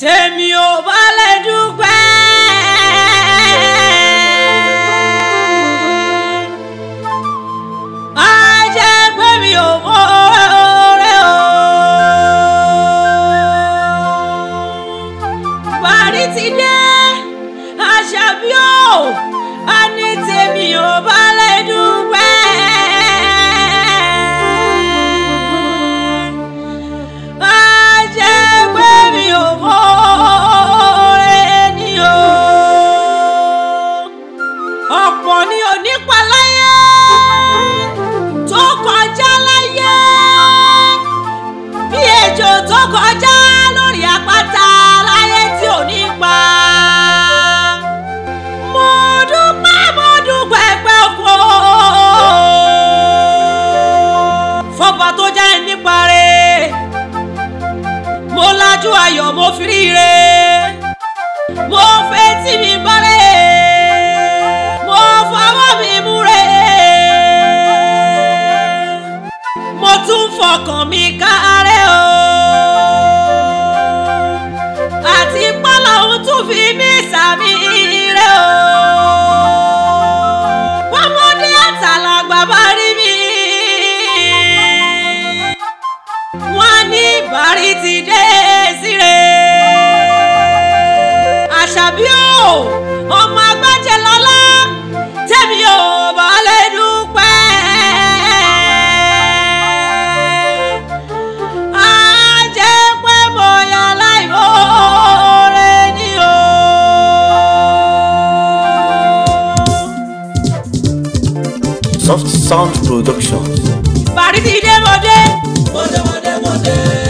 tèmi ò bá lè dúpẹ́. Àṣàbí o, a ní tèmi ò bá lè dúpẹ́. ọ̀pọ̀ ni onípa láyé tó kọjá láyé bí ejò tó kọjá lórí àpáta láyé tí ò ní pa. mo dúpẹ́ mo dúpẹ́ pé kò fọba tó já ẹ nípa rẹ̀ lajú ayọ̀ mo fi rí mo fẹ́ tí mi bá rẹ̀. fọkàn mi ká. Soft Sound Productions. Bàrí ti dé mọ́dé. mọ́dé mọ́dé mọ́dé.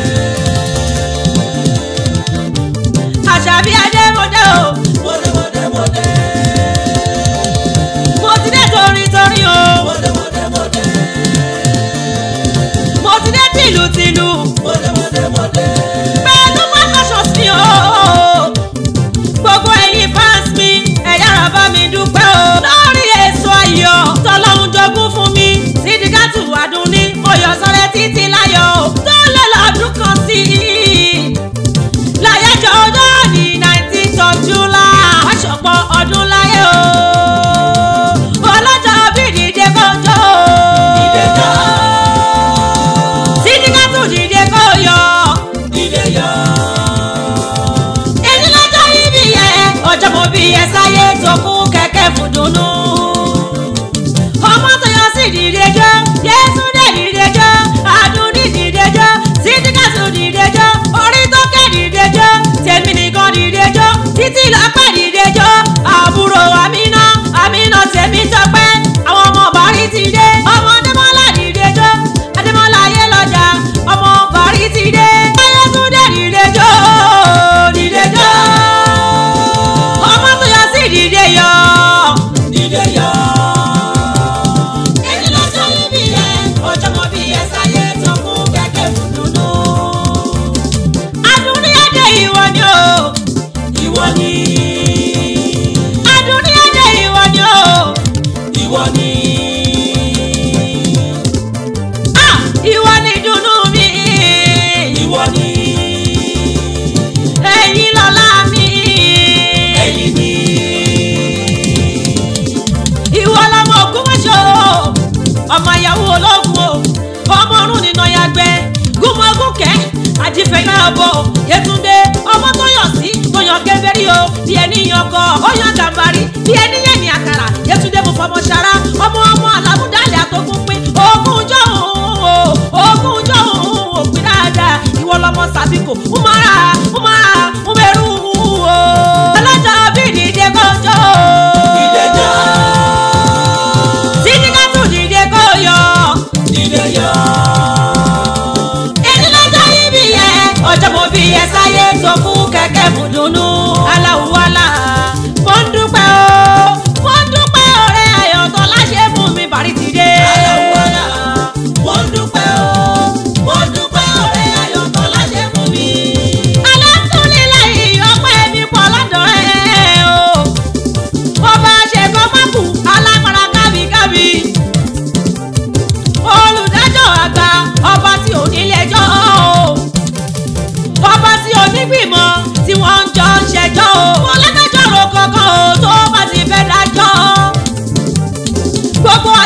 yọ. ilé yọ. ẹni lọ́jọ́ ibi yẹ ọjọ́ mo bí ẹ sáyé tó kú kẹ̀kẹ́ fún dunnú. ọmọ tó yọ sí ìdílé ẹjọ́ Jésù dé ìdílé ẹjọ́ àdùn ní ìdílé ẹjọ́ sídìkàtù ìdílé ẹjọ́ orí tó kẹ́ ìdílé ẹjọ́ tèmi. ìwọ ni. Ah, ìwọ ni dùnnú mi. ìwọ ni. ẹ̀yin lọ́lá mi. ẹ̀yin ni. ìwọ lọmọ ògúnmọ̀ṣọ́ ọmọ ìyàwó ológun o ọmọ ọrùn nínú yàgbẹ́ gúnmọ́gúnkẹ́ àjìfẹ́lá ọbọ̀ yẹtúndé ọmọ tó yàn sí tó yàn gẹ́gẹ́ o bí ẹni yàn kọ́ ó yàn gàmbarí bí ẹni yàn. Yétúndé mo fọmọ ṣara ọmọ ọmọ àlàmúdálẹ̀ àtòkùn pín ogún jọ̀hún ogún jọ̀hún òpin dáadáa ìwọ lọmọ sàbíkò ń mọ́ra ń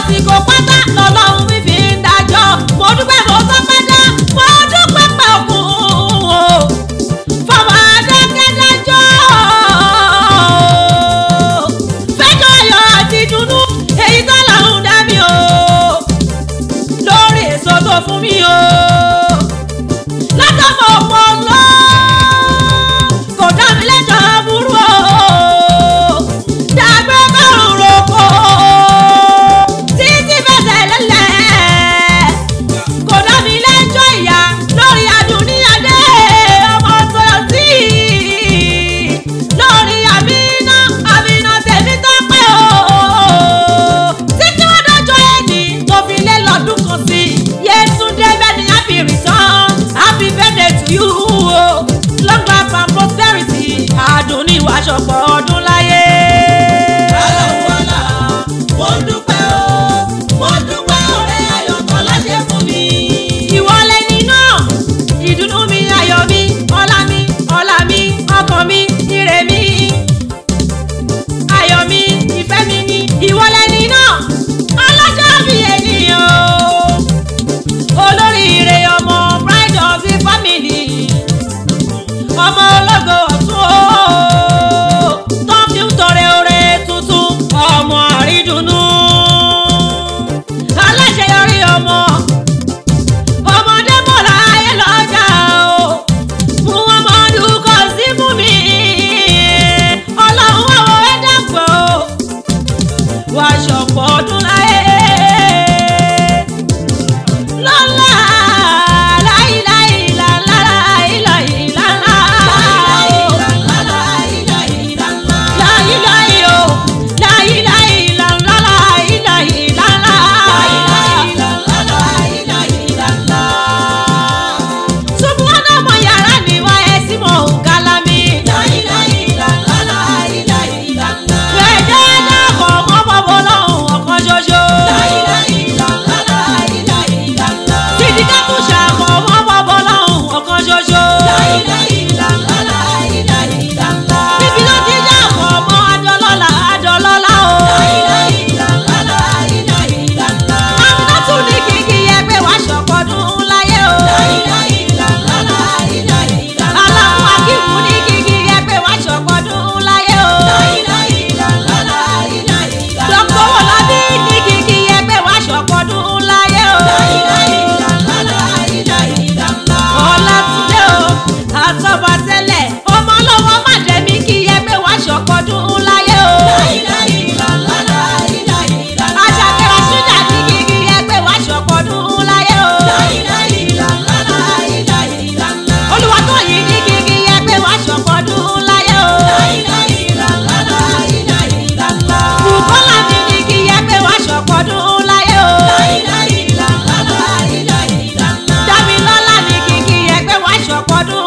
àsìkò pátá lọ́lọ́run fífi ń dájọ́ mo dúpẹ́ mo sọ pé dá mo dúpẹ́ pẹ̀ fún o fọmọ adákẹ́dájọ́ fẹ́jọ́ ayọ̀ àti dùnnú èyí tó lọ́run dá mi o lórí ọdún. ṣọ̀pọ̀ ọdún ọ̀pọ̀dún